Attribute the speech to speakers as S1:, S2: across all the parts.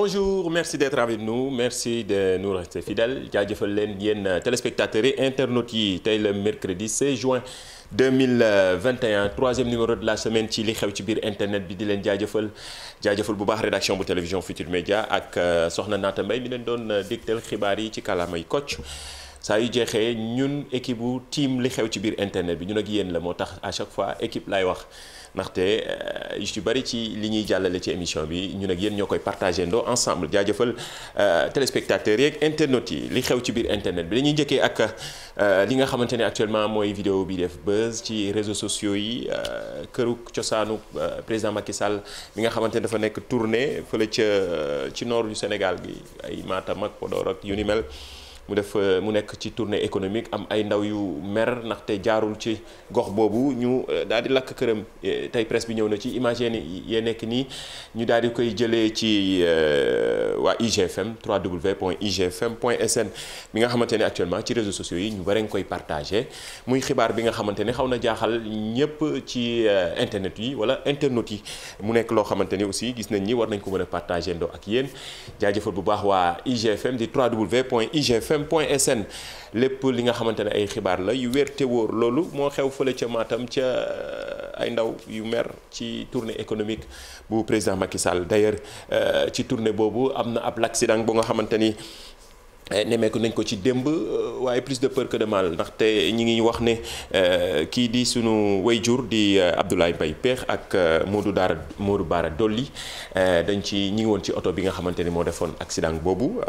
S1: bonjour merci d'être avec nous merci de nous rester fidèles jaajëfal leen yenn téléspectateurs yi internautes yi tey le mercredi 16 juin 2021 troisième numéro de la semaine ci li xew ci biir internet bi di leen jaajëfal jaajëfal bu baax rédaction bu télévision Futur Média ak euh, soxna Naata mbay mi leen doon euh, dégtal xibaar yi ci kàllaamay Kocc saa yu jeexee ñun équipe bu team li xew ci biir internet bi ñu nag yéen la moo tax à chaque fois équipe laay wax ndaxte euh, yu bari ci li ñuy jàllale ci émission bi ñu ak yéen ñoo koy partagé ndoo ensemble jaajëfal euh, téléspectateurs yeeg internautes yi li xew ci biir internet bi dañuy njëkkee ak euh, li nga xamante ne actuellement mooy video bi def buzz ci réseau sociaux yi këru cosaanu président Macky Sall mi nga xamante ne dafa nekk tournée fële ca ci nord du Sénégal gi ay Matam ak Podor ak mel. mu def euh, mu nekk ci tournée économique am ay ndaw yu mer te jaarul ci gox boobu ñu euh, daal di lakk këram tey presse bi ñëw na ci image yi yee nekk nii ñu daal di koy jëlee ci euh, waa IGFM www.igfm.sn bi nga xamante ne actuellement ci réseaux sociaux yi ñu bare nga koy partagé muy xibaar bi nga xamante ne xaw na jaaxal ñëpp ci internet yi wala internet yi mu nekk loo xamante ni aussi gis nañ ñi war nañ ko mën a partagé ndoo ak yéen jaajëfal bu baax waa IGFM rfm point sn lépp li nga xamante ne ay xibaar la yu wér te wóor loolu moo xew fële ca Matam ca euh, ay ndaw yu mer ci tournée économique bu président Macky Sall d'ailleurs euh, ci tournée boobu am na ab l'accident bu nga xamante ni eh, nemeeku nañ ko ci démb euh, waaye plus de peur que de mal ndaxte ñi ngi wax ne kii di sunu wayjur di Abdoulaye Mbaye Peex ak Modou Daara Modou Baara Dolli dañ ci ñi ngi woon ci oto bi nga xamante ni moo defoon accident boobu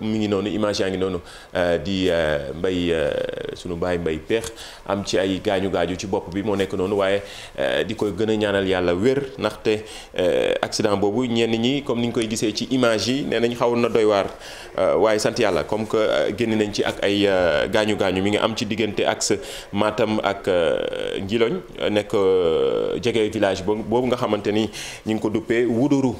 S1: mi ngi noonu image yaa ngi noonu euh, di euh, mbay euh, sunu baay mbay peex am ci ay gaañu gaañu ci bopp bi moo nekk noonu waaye di koy gën a ñaanal yàlla wér ndaxte accident boobu ñenn ñi comme ni ñu koy gisee ci image yi nee nañ xawoon na doy waar waaye sant yàlla comme que génn nañ ci ak ay gaañu gaañu mi ngi am ci diggante axe Matam ak Ngiloñ nekk jege village boobu nga xamante ni ñu ngi ko duppee Wuduru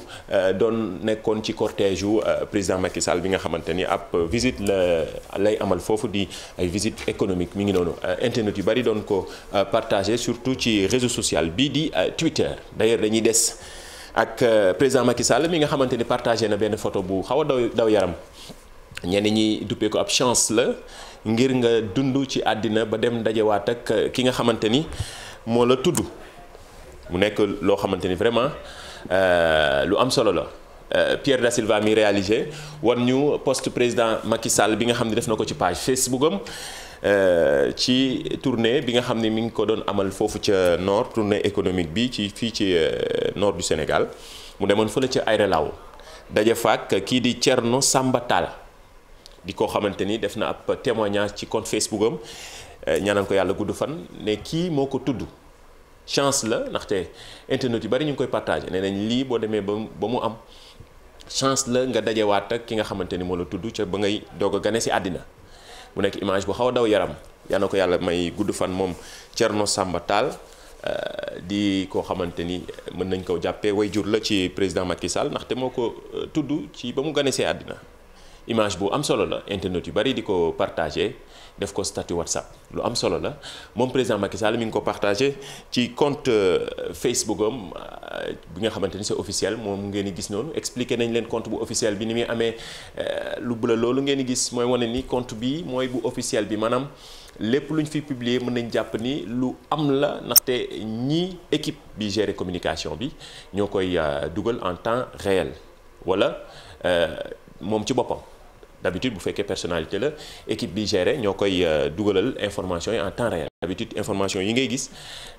S1: doon nekkoon ci cortège yu président Macky Sall bi nga xamante xamante ni ab visite la lay amal foofu di ay visite économique mu ngi noonu euh, internet yu bari doon ko euh, partager surtout ci réseau social bii di euh, Twitter d'ailleurs dañuy des ak président Macky Sall mi nga xamante ni partagé na benn photo bu xaw a daw daw yaram ñenn ñi duppee ko ab chance la ngir nga dund ci àddina ba dem dajewaat ak ki nga xamante ni moo la tudd mu nekk loo xamante ni vraiment lu am solo la. Euh, Pierre Da Silva mi réalisé wan ñu poste président Macky Sall bi nga xam ne def na ko ci page Facebook am euh, ci tournée bi nga xam ne mi ngi ko doon amal foofu ca nord tournée économique bi ci fii ci euh, nord du Sénégal mu demoon fële ca Aéré Lao daje faak kii di Thierno Samba Tall di ko xamante ni def na ab témoignage ci compte Facebook am ko yàlla gudd fan ne kii moo ko tudd. chance la ndaxte internet yu bari ñu ngi koy partagé nee nañ lii boo demee ba ba mu am chance la nga dajewaat ak ki nga xamante ni moo la tudd ca ba ngay doog a gane si àddina mu nekk image bu xaw a daw yaram yal na ko yàlla may gudd fan moom Thierno Samba Tall euh, di koo xamante ni mën nañ koo jàppee way jur la ci président Macky Sall ndaxte moo ko euh, tudd ci ba mu gane see àddina image bu am solo la internet yu bari di ko partagé def ko statut WhatsApp lu am solo la moom président Macky Sall mi ngi ko partagé ci compte euh, Facebook am euh, bi nga xamante ni c'est officiel moom mu ngeen di gis noonu expliqué nañ leen compte bu officiel bi ni muy amee euh, lu bula loolu ngeen di gis mooy wane ni compte bi mooy bu officiel bi maanaam lépp lu ñu fi publier mën nañ jàpp ni lu am la ndaxte ñi équipe bi géré communication bi ñoo koy dugal en temps réel wala moom ci boppam. d'habitude bu fekkee personnalité la équipe bi géré ñoo koy euh, dugalal information yi en temps réel d'habitude information yi ngay gis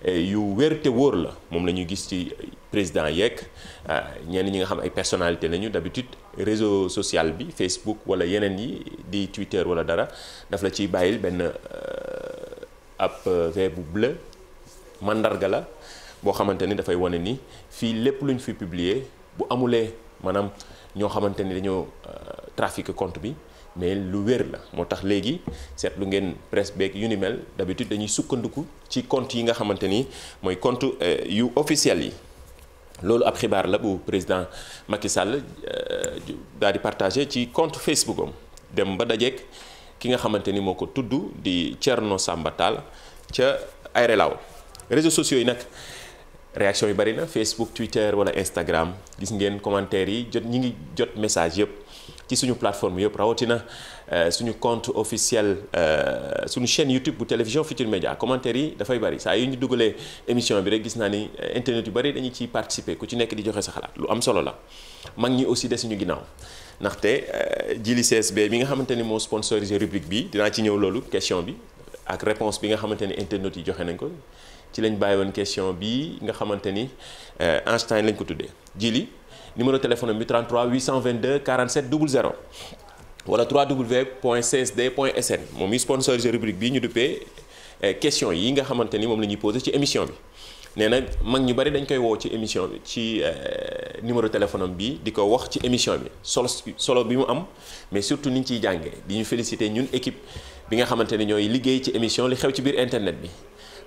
S1: euh, yu wér te wóor la moom la ñuy gis ci président yeeg euh, ñenn ñi nga xam ay personnalité lañu d'habitude réseau social bi Facebook wala yeneen yi di Twitter wala dara daf la ciy bàyyil benn ab vert bu bleu mandarga la boo xamante ni dafay wane ni fii lépp luñ fi publier bu amulee maanaam ñoo xamante ni dañoo euh, trafiqué compte bi mais lu wér la moo tax léegi seetlu ngeen presse beeg yu ni mel d'habitude dañuy sukkandiku ci compte yi nga xamante ni mooy compte euh, yu officiel yi loolu ab xibaar la bu président Macky Sall euh, daal di partagé ci compte Facebook am dem ba dajeek ki nga xamante ni moo ko tudd di Thierno Samba Tall ca Aéré Lao sociaux yi nag réaction yi bari na Facebook Twitter wala Instagram gis ngeen commentaire yi jot ñi ngi jot message yëpp ci suñu plateforme yëpp rawatina euh, suñu compte officiel euh, suñu chaîne YouTube bu télévision Futur Média commentaire yi dafay bari saa yu ñu dugalee émission bi rek gis naa ni euh, internet yu bari dañu ciy participer ku ci nekk di joxe sa xalaat lu am solo la mag ñi aussi des suñu ginnaaw ndaxte jili CSB bi nga xamante ni moo sponsorisé rubrique bi dinaa ci ñëw loolu question bi ak réponse bi nga xamante ni internet yi joxe nañ ko ci lañ bàyyi woon question bi nga xamante ni euh, Einstein lañ ko tuddee jili numéro téléphone am bi 33 822 47 00 wala 3w point csd point sn moom mi sponsorisé rubrique bii ñu duppee euh, question yi nga xamante ni moom la ñuy posé ci émission bi nee mag ñu bari dañ koy woo ci émission bi ci euh, numéro téléphone am bi di ko wax ci émission bi solo solo bi mu am mais surtout ni ñu ciy jàngee di ñu félicité ñun équipe bi nga xamante ni ñooy liggéey ci émission li xew ci biir internet bi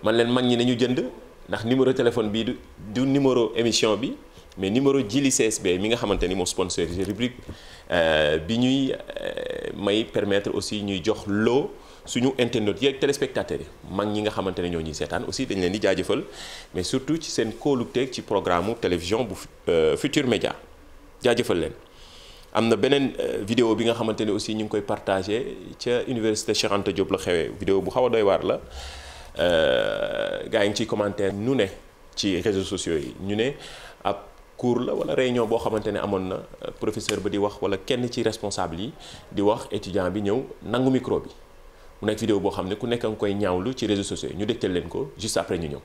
S1: man leen mag ñi ñu jënd ndax numéro téléphone bii du du numéro émission bi mais numéro Jili CSB mi nga xamante ni moo sponsorisé rubrique euh, bi ñuy euh, may permettre aussi ñuy jox loo suñu internautes yi ak téléspectateurs yi mag ñi nga xamante ne ñoo ñu seetaan aussi dañ leen di jaajëfal mais surtout ci seen kóoluteeg ci programme mu télévision bu euh, Futur Média jaajëfal leen. am na beneen video bi nga xamante ne aussi ñu ngi koy partagé ca université Cheikh Anta vidéo bu xaw a doy la. Euh, gaa yi ngi ciy commentaire nu ne ci réseaux sociaux yi ñu ne ab cours la wala réunion boo xamante ne amoon na euh, professeur ba di wax wala kenn ci responsable yi di wax étudiant bi ñëw nangu micro bi mu nekk vidéo boo xam ne ku nekk nga koy ñaawlu ci réseaux sociaux yi ñu dégtal leen ko juste après ñu ñëw.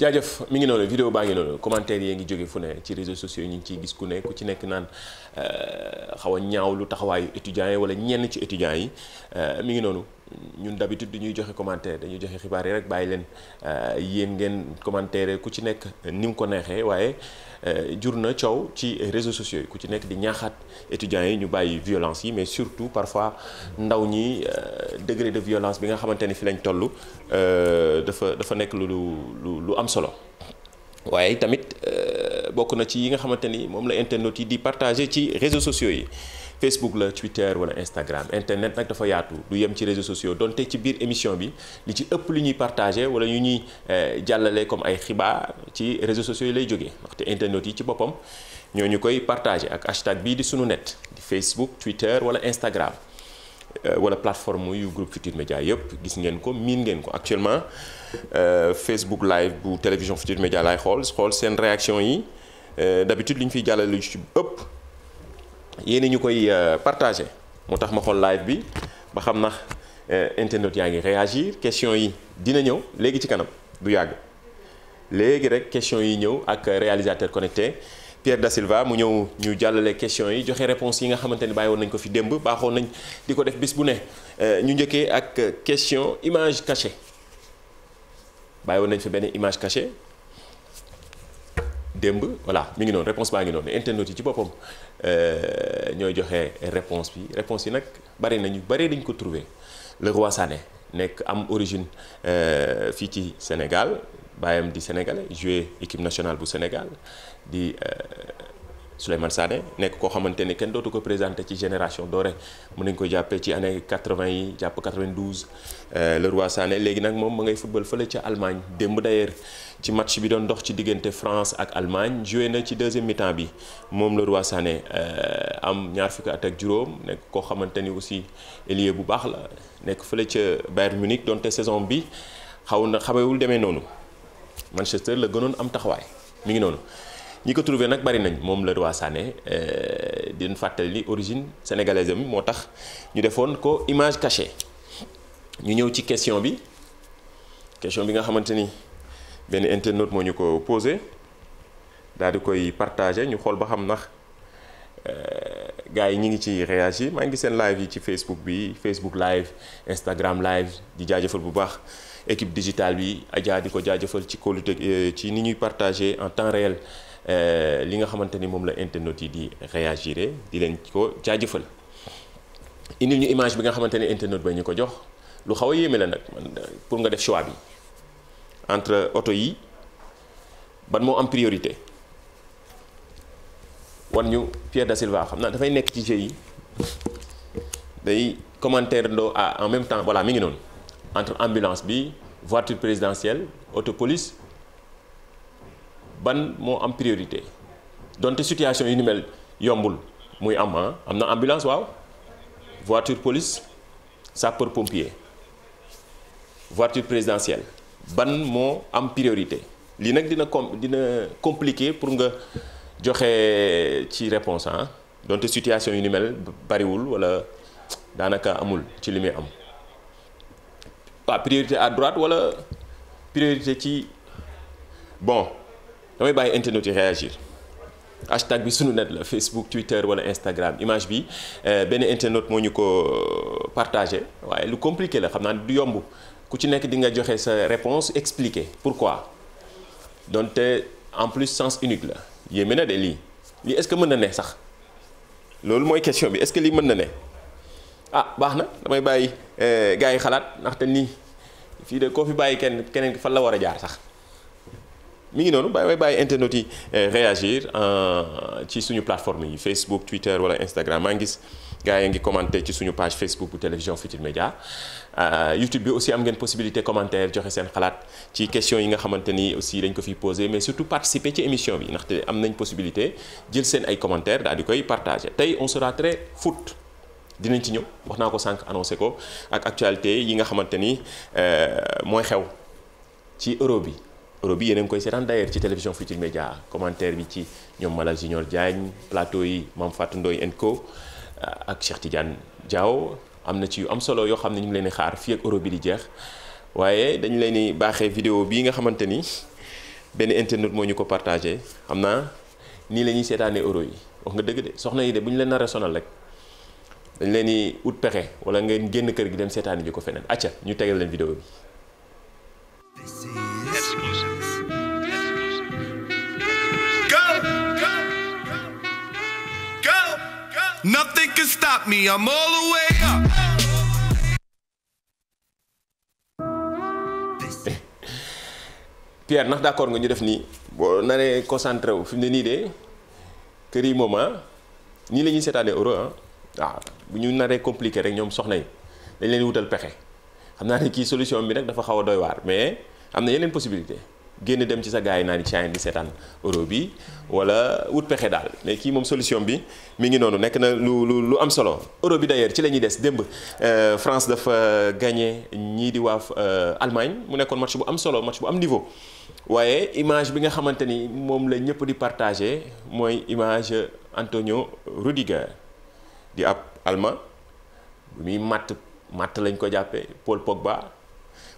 S1: jaajëf mi ngi noonu vidéo baa ngi noonu commentaire yi ngi jóge fu ne ci réseaux sociaux yi ñu ngi gis ku ne ku ci nekk naan euh, xaw a ñaaw lu taxawaayu étudiants yi wala ñenn ci étudiants yi euh, mi ngi noonu ñun d'habitude du ñuy joxe commentaire dañuy joxe xibaar yi rek bàyyi leen euh, yéen ngeen commentaire ku ci nekk nim ko neexee waaye euh, jur na coow ci réseaux sociaux yi ku ci nekk di ñaaxaat étudiants yi ñu bàyyi violence yi mais surtout parfois ndaw ñi euh, degré de violence bi nga xamante ni fi lañ toll dafa dafa nekk lu lu lu am solo waaye tamit bokk na ci yi nga xamante ni moom la internautes yi di partager ci réseaux sociaux yi. Facebook la Twitter wala Instagram internet nag dafa yaatu du yem ci réseaux sociaux donte ci biir émission bi li ci ëpp lu ñuy partagé wala yu ñuy eh, jàllale comme ay xibaar ci réseaux sociaux yi lay jóge ndaxte internet yi ci boppam ñoo ñu koy partagé ak hashtag bii di suñu net di Facebook Twitter wala Instagram eh, wala plateforme yu groupe Futur Média yëpp gis ngeen ko miin ngeen ko actuellement eh, Facebook live bu télévision Futur Média laay xool xool seen réaction yi d'habitude li ñu fiy jàllale ci ëpp. yéen ñu koy euh, partagé moo tax ma xool live bi ba xam na euh, internet yaa ngi réagir question yi dina ñëw léegi ci kanam du yàgg léegi rek question yi ñëw ak réalisateur connecté Pierre Da Silva mu ñëw ñu jàllale question yi joxe réponse yi nga xamante ni bàyyi woon nañ ko fi démb baaxoo nañ di ko def bis bu ne euh, ñu njëkkee ak question image cachée bàyyi woon nañ fi benn image cachée démb voilà mu ngi noonu réponse baa ngi noonu internet yi ci boppam euh, ñooy joxe réponse bi réponse yi nag bari nañu bari dañ ko trouver le roi Sané nekk am origine euh, fii ci Sénégal baayam di sénégalais joué équipe nationale bu Sénégal di euh, Souleymane Sané nekk koo xamante ne kenn dootu ko présenté ci génération dorée mën nañu ko jàppee ci anne 80 yi jàpp 92 euh, le roi Sané léegi nag moom ma ngay football fële ca Allemagne démb d'ailleurs ci match bi doon dox ci diggante France ak Allemagne joué na ci deuxième mi bi moom le roi Sané euh, am ñaar fukki at ak juróom nekk koo xamante ni aussi ailier bu baax la nekk fële ca Bayern Munich donte saison bi xaw na xamewul demee noonu Manchester la gënoon am taxawaay mi ngi noonu. ñi ko trouver nag bari nañ moom waa Sané euh, di leen fàttali origine sénégalaise moo tax ñu defoon ko image cachée ñu ñëw ci question bi question bi nga xamante ni benn internet moo ñu ko posé daal di koy partagé ñu xool ba xam ndax euh, gars yi ñi ngi ci réagir maa ngi seen live yi ci Facebook bi Facebook live Instagram live di jaajëfal bu baax équipe digitale bi Adja di ko jaajëfal ci kolite euh, ci ni ñuy partagé en temps réel. Euh, li nga xamante ni moom la internautes yi di réagiré di leen ko jaajëfal indi ñu image bi nga xamante ni internaute ba ñu ko jox lu xaw a yéeme la nag pour nga def choix bi entre oto yi ban moo am priorité wan ñu Pierre da Silva xam naa dafay nekk ci jeu yi day commentaire ndoo ah en même temps voilà mi ngi noonu entre ambulance bi voiture présidentielle auto police ban moo am priorité donte situation yu ni mel yombul muy am ah am na ambulance waaw voiture police sapeur pompier voiture présidentielle ban moo am priorité lii nag dina com dina compliqué pour nga joxe ci réponse ah donte situation yu ni mel bariwul wala daanaka amul ci li muy am waaw priorité à droite wala priorité ci bon damay bàyyi internet yi réagir hashtag bi sunu net la Facebook Twitter wala Instagram image bi euh, benn internet moo ñu ko euh, partagé waaye lu compliqué la xam naa du yomb ku ci nekk di nga joxe sa réponse expliquer pourquoi donte en plus sens unique la yéeme na de lii lii est-ce que mën na ne sax loolu mooy question bi est-ce que lii mën na ne ah baax na damay bàyyi euh, gaa yi xalaat ndaxte nii fii de koo fi bàyyi kenn keneen fan la war a jaar sax. mi ngi noonu bàyyi may bàyyi internet yi eh, réagir eh, ci suñu plateforme yi Facebook Twitter wala Instagram maa ngi gis gars ngi commenté ci suñu page Facebook bu télévision Futur Média eh, YouTube bi aussi am ngeen possibilité commentaire joxe seen xalaat ci question yi nga xamante ni aussi dañ ko fiy posé mais surtout participer ci émission bi ndaxte am nañ possibilité jël seen ay commentaires daal di koy partagé tey on sera très foot dinañ ci ñëw wax naa ko sànq annoncé ko ak actualité yi nga xamante ni mooy xew ci euro bi. euro bi yéen a ngi koy seetaan d'ailleurs ci télévision Futur Média commentaire bi ci ñoom Malal Junior Diagne plateau yi Mame Fatou Ndoye and Co ak Cheikh Tidiane Diaw am na ci yu am solo yoo xam ne ñu ngi leen di xaar fii ak euro bi di jeex waaye dañu leen di baaxee vidéo bii nga xamante ni benn internet moo ñu ko partagé xam naa nii lañuy ñuy seetaanee euro yi wax nga dëgg de soxna yi de bu ñu leen nar a sonal rek dañ leen di ut pexe wala ngeen génn kër gi dem seetaani ji ko feneen acca ñu tegal leen vidéo bi. Nothing can stop me. I'm all the way up. Pierre ndax d'accord nga ñu def nii boo naree concentré wu fi ne nii de kër yi moom ah nii lañuy ñuy seetaanee euro ah waaw ah, bu ñu naree compliqué rek ñoom soxna yi dañ leen wutal pexe xam naa ni kii solution bi nag dafa xaw a doy waar mais am na yeneen possibilité. génn dem ci sa gars yi naan Chine di seetaan euro bi wala wut pexe daal mais kii moom solution bi mi ngi noonu nekk na lu lu lu am solo euro bi d'ailleurs ci lañuy des démb euh, France dafa gagné ñii di waa euh, Allemagne mu nekkoon match bu am solo match bu am niveau waaye image bi nga xamante ni moom la ñëpp di partagé mooy image Antonio Rüdiger di ab allemand bu muy matt matt lañ ko jàppee Paul Pogba.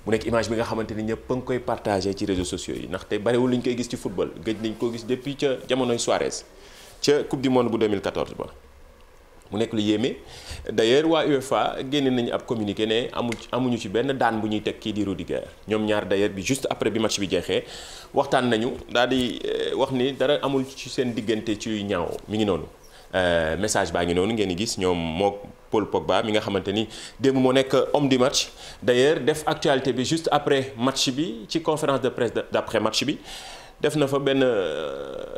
S1: mu nekk image bi nga xamante ni ñëpp a ngi koy partagé ci réseaux sociaux yi ndaxte bariwul li ñu koy gis ci football gëj nañ ko gis depuis ca jamonoy Suarez ca coupe du monde bu 2014 ba. mu nekk lu yéeme d'ailleurs waa UEFA génne nañu ab communiqué ne amu amuñu ci benn daan bu ñuy teg kii di Rudiger ñoom ñaar d'ailleurs bi juste après bi match bi jeexee waxtaan nañu daal di euh, wax ni dara amul ci seen diggante ci ñaaw mi ngi noonu. Euh, message baa ngi noonu ngeen gis ñoom moo Paul Pogba mi nga xamante ni démb moo nekk homme du match d'ailleurs def actualité bi juste après match bi ci conférence de presse d'après match bi def na fa benn euh,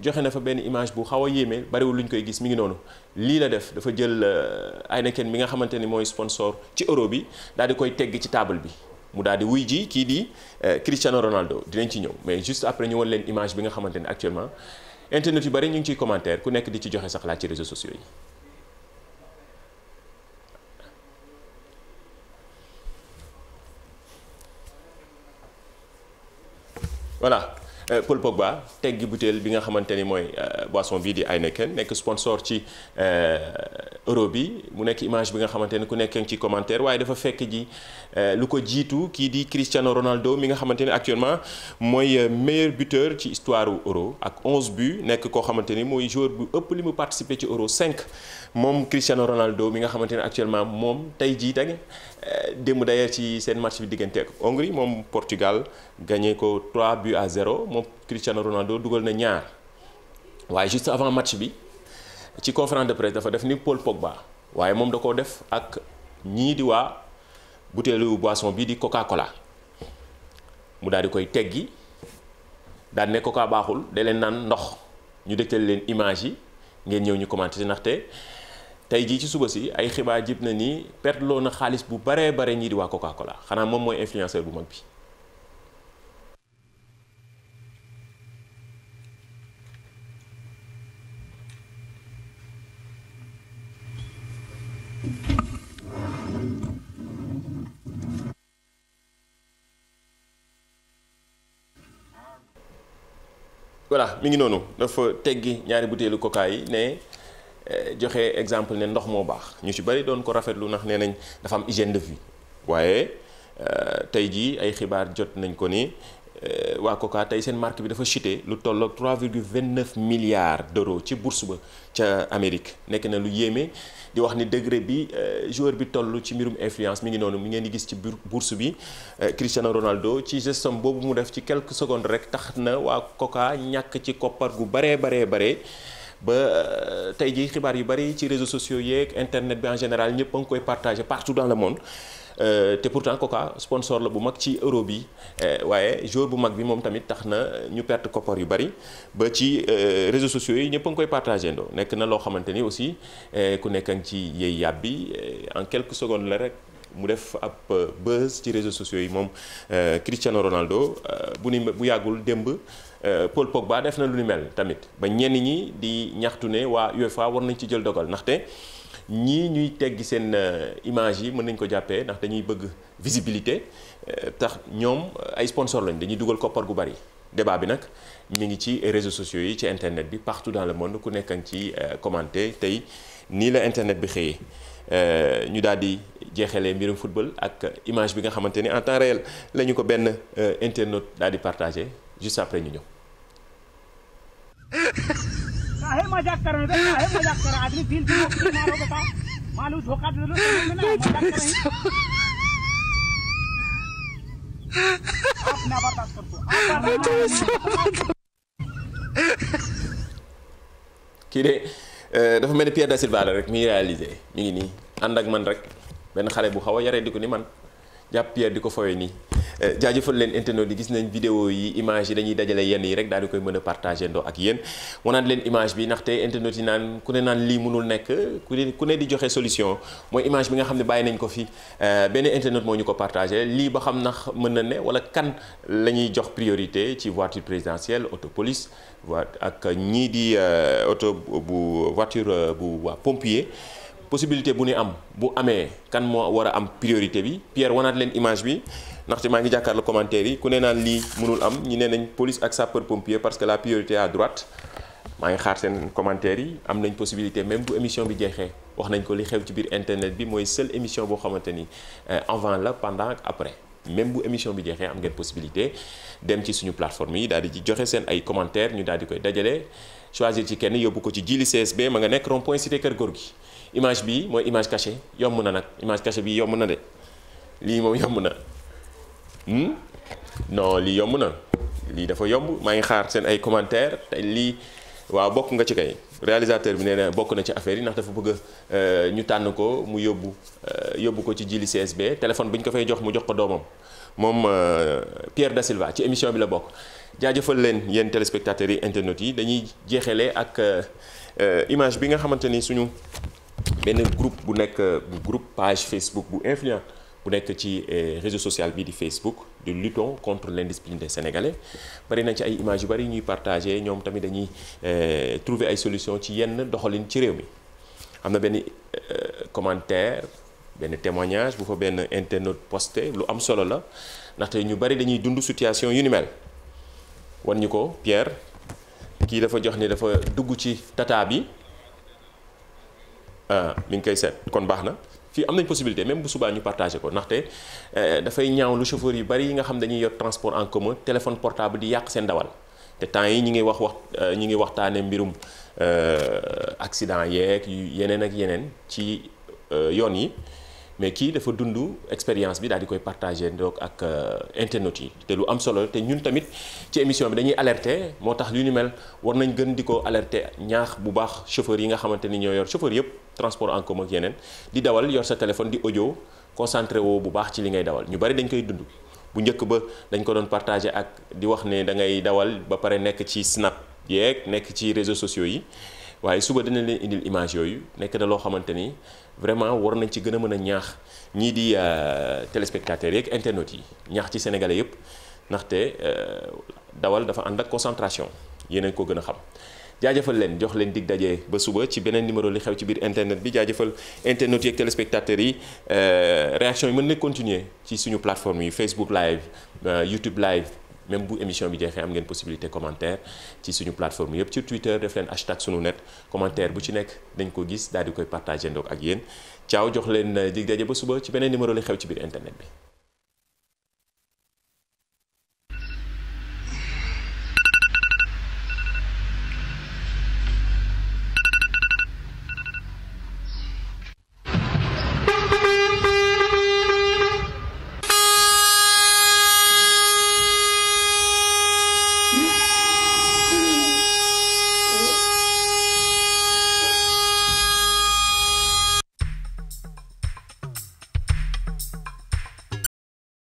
S1: joxe na fa benn image bu xaw a yéeme bariwul lu ñu koy gis mi ngi noonu lii la def dafa jël euh, Heineken bi nga xamante ni mooy sponsor ci euro bi daal di koy tegg ci table bi mu daal di wuy ji kii di Cristiano Ronaldo dinañ ci ñëw mais juste après ñu won leen image bi nga xamante ni actuellement internet yu bari ñu ngi ciy commentaire ku nekk di ci joxe sax laaj ci réseaux sociaux yi. voilà. Euh, Paul Pogba teggi butéel bi nga xamante ni mooy euh, boisson bii di ay na Heineken nekk sponsor ci euh, euro bi mu nekk image bi nga xamante ni ku nekk ci commentaire waaye dafa fekk ji lu ko jiitu kii di Cristiano Ronaldo mi nga xamante ni actuellement mooy meilleur buteur ci histoire euro ak 11 buts nekk koo xamante ni mooy joueur bu ëpp li mu participer ci euro cinq moom Cristiano Ronaldo mi nga xamante ni actuellement moom tey jii teg Euh, démb d'ailleurs ci seen match bi diggante ak Hongrie moom Portugal gagné ko trois bu à 0 moom Cristiano Ronaldo dugal na ñaar waaye juste avant match bi ci conférence de presse dafa def ni Paul Pogba waaye moom da koo def ak ñii di waa butéelu boisson bii di Coca-Cola mu daal di koy teggi daal ne Coca baaxul da leen naan ndox ñu dégtal leen image yi ngeen ñëw ñu commenté ndaxte. tey jii ci suba si ay xibaar jib na ni perteloo na xaalis bu baree bare ñii di waa Coca xanaa moom mooy influenceur bu mag bi. voilà mi ngi noonu dafa teggi ñaari butéelu coca ne. Euh, joxe exemple ne ndox moo baax ñu si bari doon ko rafetlu ndax nee nañ dafa am hygiène de vie waaye euh, tey jii ay xibaar jot nañ ko ni euh, waa Coca tey seen marque bi dafa chuté lu tolloog 3,29 milliards d'euros ci bourse ba ca Amérique nekk na lu yéeme di wax ni degre bi joueur bi toll ci mbirum influence mi ngi noonu mi ngeen di gis ci bourse bi Cristiano Ronaldo ci gestion boobu mu def ci quelques secondes rek tax na waa koka ñàkk ci koppar gu baree baree baree. ba euh, tey jii xibaar yu bari ci réseau sociaux yeeg internet bi en général ñëpp a ngi koy partagé partout dans le monde euh, te pourtant Coca sponsor la bu mag ci euro bi euh, waaye jour bu mag bi moom tamit tax na ñu perte koppar yu bari ba ci réseaux sociaux yi ñëpp a koy partagé ndoo nekk na loo xamante ni aussi ku nekk a ngi ci yëy yàbbi en quelques secondes la rek. mu def ab euh, buzz ci réseaux sociaux yi moom euh, Cristiano Ronaldo euh, bu ni bu yàggul démb Paul baa def na lu ni mel tamit ba ñenn ñi di ñaxtu ne waa UEFA war nañ ci jël dogal ndaxte ñi ñuy teggi seen image yi mën nañ ko jàppee ndax dañuy bëgg visibilité tax ñoom ay sponsor lañ dañuy dugal koppar gu bari débat bi nag mi ngi ci réseaux sociaux yi ci internet bi partout dans le monde ku nekk ci commenté tey nii la internet bi xëyee. Euh, ñu daldi di jeexalee mbirum football ak image bi nga xamante ni en temps réel la ko benn euh, internaute daal di partagé après ñu ñëw. Ah, Euh, dafa mel ni Pierre da Silva rek mi réalisé mi ngi nii ànd ak man rek benn xale bu xaw a yaree di ko ni man jàpp Pierre di ko fowe nii jaajëfal leen internet yi gis nañ vidéo yi image yi dañuy dajale yenn yi rek daal di koy mën a partagé ndoo ak yéen wanaan leen image bi ndaxte internet yi naan ku ne naan lii mënul nekk ku ne ku ne di joxe solution mooy image bi nga xam ne bàyyi nañ ko fi euh, benn internet moo ñu ko partagé lii ba xam ndax mën na ne wala kan la ñuy jox priorité ci voiture présidentielle auto police ak ñii di euh, auto bu voiture euh, bu waa pompier possibilité bu ni am bu amee kan moo war a am priorité bi Pierre wanaat leen image bi ndaxte maa ngi jàkkaarloo commentaire yi ku nee naan lii mënul am ñi nee nañ police ak sapeur pompier parce que la priorité à droite maa ngi xaar seen commentaire yi am nañ possibilité même bu émission bi jeexee wax nañ ko li xew ci biir internet bi mooy seule émission boo xamante ni euh, avant la pendant ak après même bu émission bi jeexee am ngeen possibilité dem ci suñu yi daal di ci joxe seen ay commentaire ñu daal di koy dajale choisir ci kenn yóbbu ko ci jili CSB ma nga nekk rond point cité kër gi image bii mooy image kashe yomb na nag image cachée bii yomb na de lii moom yomb na hmm? non lii yomb na lii dafa yomb maa ngi xaar seen ay commentaire te lii waaw bokk nga ci kay réalisateur bi nee na bokk na ci affaire yi ndax dafa bëgg euh, ñu tànn ko mu yóbbu euh, yóbbu ko ci jili CSB téléphone bi ñu ko fay jox mu jox ko doomam moom euh, Pierre Da Silva ci émission bi la bokk jaajëfal leen yéen téléspectateurs yi internet yi dañuy jeexalee ak image bi nga xamante ni suñu benn groupe bu nekk bu groupe page Facebook bu influent bu nekk ci eh, réseau sociale bi di Facebook de luttons contre l'indiscipline des Sénégalais bari na ci ay images yu bari ñuy partagé ñoom tamit dañuy eh, trouver ay solution ci yenn doxalin ci réew mi am na benn eh, commentaire benn témoignage bu fa benn internaute posté lu am solo la ndaxte ñu bari dañuy dund situation yu ni mel wan ñu ko Pierre kii dafa jox ni dafa dugg ci tata bi. Euh, mi ngi koy seet kon baax na fii am nañ possibilité même bu subaa ñu partagé ko ndaxte euh, dafay ñaaw lu chauffeur yu bari yi nga xam dañuy yor transport en commun téléphone portable di yàq seen dawal te temps yi ñi ngi wax wax euh, ñi ngi waxtaane mbirum accident yeeg yeneen ak yeneen ci yoon yi mais kii dafa dund expérience bi daal di koy partagé donc ak euh, internautes yi te lu am solo te ñun tamit ci émission bi dañuy alerter moo tax lu ñu mel war nañ gën di ko alerter ñaax bu baax chauffeur yi nga xamante ni ñoo yor chauffeur yëpp transport en commun ak yeneen di dawal yor sa téléphone di audio concentré woo bu baax ci li ngay dawal ñu bari dañ koy dund. bu njëkk ba dañ ko doon partagé ak di wax ne dangay dawal ba pare nekk ci snap yeeg nekk ci réseaux sociaux yi waaye suba dina leen indil yooyu nekk na loo xamante ni vraiment war nañ ci gën a mën a ñaax ñii di euh, téléspectateurs yeeg internautes yi ñaax ci sénégalais yëpp ndaxte euh, dawal dafa ànd ak concentration yeneen ko gën a xam jaajëfal leen jox leen dig daje ba suba ci beneen numéro li xew ci biir internet bi jaajëfal internautes yeeg téléspectateurs yi euh, réaction yi mën na continuer ci suñu plateforme yi Facebook live YouTube live même bu émission bi jeexee am ngeen possibilité commentaire ci suñu plateforme yëpp ci Twitter def leen hashtag sunu net commentaire bu ci nekk dañ ko gis daal di koy partagé ndoog ak yéen caaw jox leen eh, dig daje ba suba ci beneen numéro li xew ci biir internet bi.